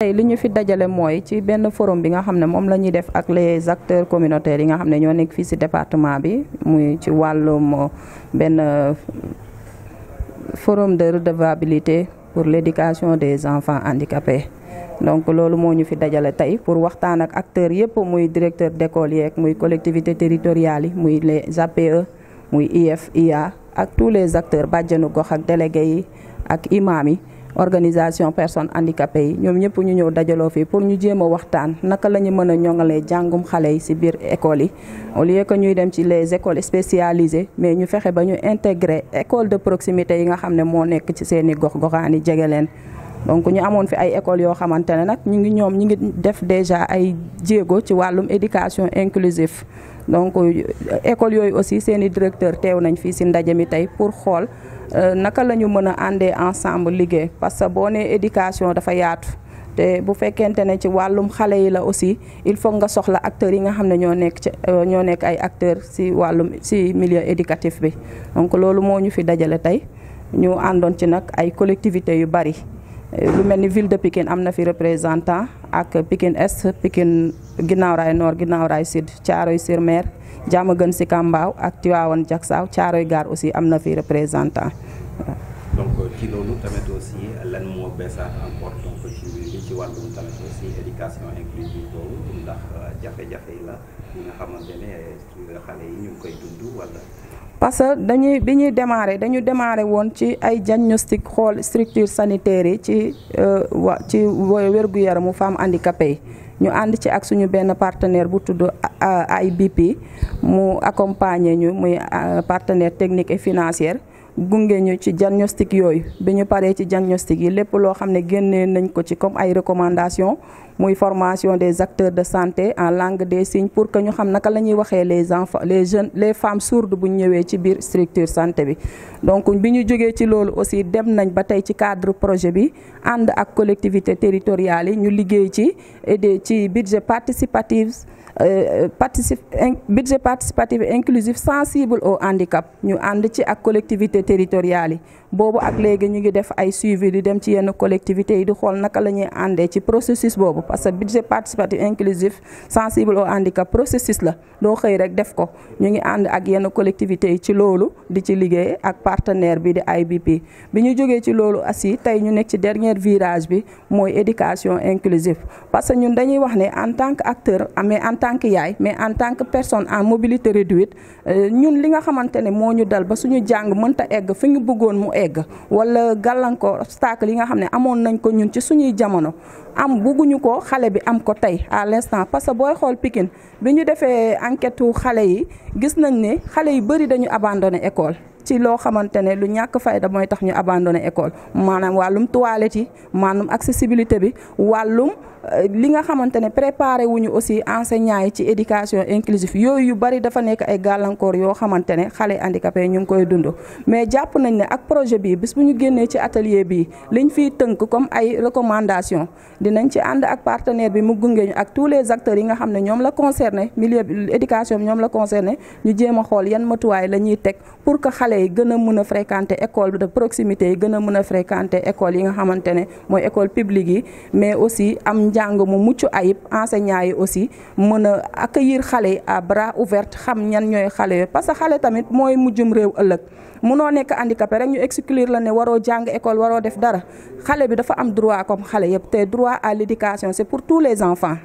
tey li ñu fi dajale mooy ci benn forum bi nga xam ne moom la ñuy def ak les acteurs communautaires yi nga xam ne ñoo nekk fii ci département bi muy ci wàllum benn forum de redevabilité pour l'éducation des enfants handicapés donc loolu moo ñu fi dajale tey pour waxtaan ak acteur yépp muy directeur d'école yeeg muy collectivité territoriales yi muy les APE muy IF ak tous les acteurs bàjjenu gox ak délégués yi ak imam yi organisation personnes handicapées yi ñoom ñëpp ñu ñëw dajaloo fii pour ñu jéem a waxtaan naka la ñu mën a ñoŋalee jàngum xale yi ci biir école yi au lieu que ñuy dem ci les écoles spécialisées mais ñu fexe ba ñu intégrer école de proximité yi nga xam ne moo nekk ci seeni gox goxaani jege leen donc ñu amoon fi ay écoles yoo xamante ne nag ñu ngi ñoom ñu ngi def déjà ay jéego ci wàllum éducation inclusive donc euh, école yooyu aussi seen i directeur teew nañ fii si ndaje mi tey pour xool euh, naka la ñu mën a àndee ensemble liggéey parce que boo nee éducation dafa yaatu te bu fekkente ne ci wàllum xale yi la aussi il faut nga soxla acteurs yi nga xam ne ñoo nekk ci euh, ñoo nekk ay acteur si wàllum si milieu éducatif bi donc loolu moo ñu fi dajale tey ñu àndoon ci nag ay collectivités yu bari lu mel ni ville de Pikine am na fi représentant ak Pikine Est Pikine ginnaaw raay nord ginnaaw raay sud Thiaroye sur Mer Diamaguène Sicap Mbao ak Tivaouane Diacksao Thiaroye aussi am na fi représentant donc ci euh, loolu tamit aussi lan moo beesaat encore donc ci li ci tamit aussi éducation inclusive boobu ndax euh, jafe-jafe yi la ñi nga xamante ne xale yi ñu koy dund wala parce que dañuy bi ñuy démarrer dañu démarrer woon ci ay diagnostic xool structure sanitaire yi ci euh, wa ci wérgu yaramu femme handicapée yi ñu ànd ci ak suñu benn partenaire bu tudd ay AIBP mu accompagner ñu muy euh, partenaire technique et financière gunge ñu ci diagnostic yooyu bi ñu paree ci diagnostic yi lépp loo xam ne génnee nañ ko ci comme ay recommandation muy formation des acteurs de santé en langue des signe pour que ñu xam naka la ñuy waxee les enfants les jeunes les femmes sourdes bu ñëwee ci biir structure santé bi. donc bi ñu jógee ci loolu aussi dem nañ ba tey ci cadre projet bi ànd ak collectivités territoriales yi ñu liggéey ci et ci budget participatif. Euh, euh, participe budget participatif inclusif sensible au handicap ñu ànd ci ak collectivité territoriales yi boobu ak léegi ñu ngi def ay suivi di dem ci yenn collectivités yi di xool naka la ñuy àndee ci processus boobu parce que budget participatif inclusif sensible au handicap processus la doo xëy rek def ko ñu ngi ànd ak yenn collectivités yi ci loolu di ci liggéey ak partenaire bi di IBP bi ñu jógee ci loolu assi tey ñu nekk ci dernier virage bi mooy éducation inclusive tant que yaay mais en tant que personne en mobilité réduite euh, ñun li nga xamante ne moo ñu dal ba suñu jàng mënta egg fi ñu bëggoon mu egg wala gàllankoor obstacle yi nga xam ne amoon nañ ko ñun ci suñuy jamono am bugguñu ko xale bi am ko tey à l'instant parce que booy xool Pikine bi ñu defee enquête xale yi gis nañ ne xale yu bëri dañu abandonné école ci loo xamante ne lu ñàkk fayda mooy tax ñu abandonné école maanaam wàllum toilette yi maanaam accessibilité bi wàllum euh, li nga xamante ne wu ñu aussi enseignants yi ci éducation inclusive yooyu yu bari dafa nekk ay gàllankoor yoo xamante ne xale handicapé ñu ngi koy dund mais jàpp nañ ne ak projet bii bis bu ñu génnee ci atelier bii liñ fiy tënk comme ay recommandations dinañ ci ànd ak partenaire bi mu gunge ñu ak tous les acteurs yi nga xam ne ñoom la concerné milieu éducation ñoom la concerné ñu jéem a xool yan matuwaay la ñuy teg xale yi gën a mën a fréquenter école de proximité yi gën a mën a fréquenter école yi nga xamante mooy école publique yi mais aussi am njàng mu mucc ayib enseignants yi aussi mën a accueillir xale yi à bras ouvert xam ñan ñooy xale yooyu parce xale tamit mooy mujjum réew ëllëg munoo nekk handicapé rek ñu exclure la ne waroo jàng école waroo def dara xale bi dafa am droit comme xale yëpp te droit à l'éducation c'est pour tous les enfants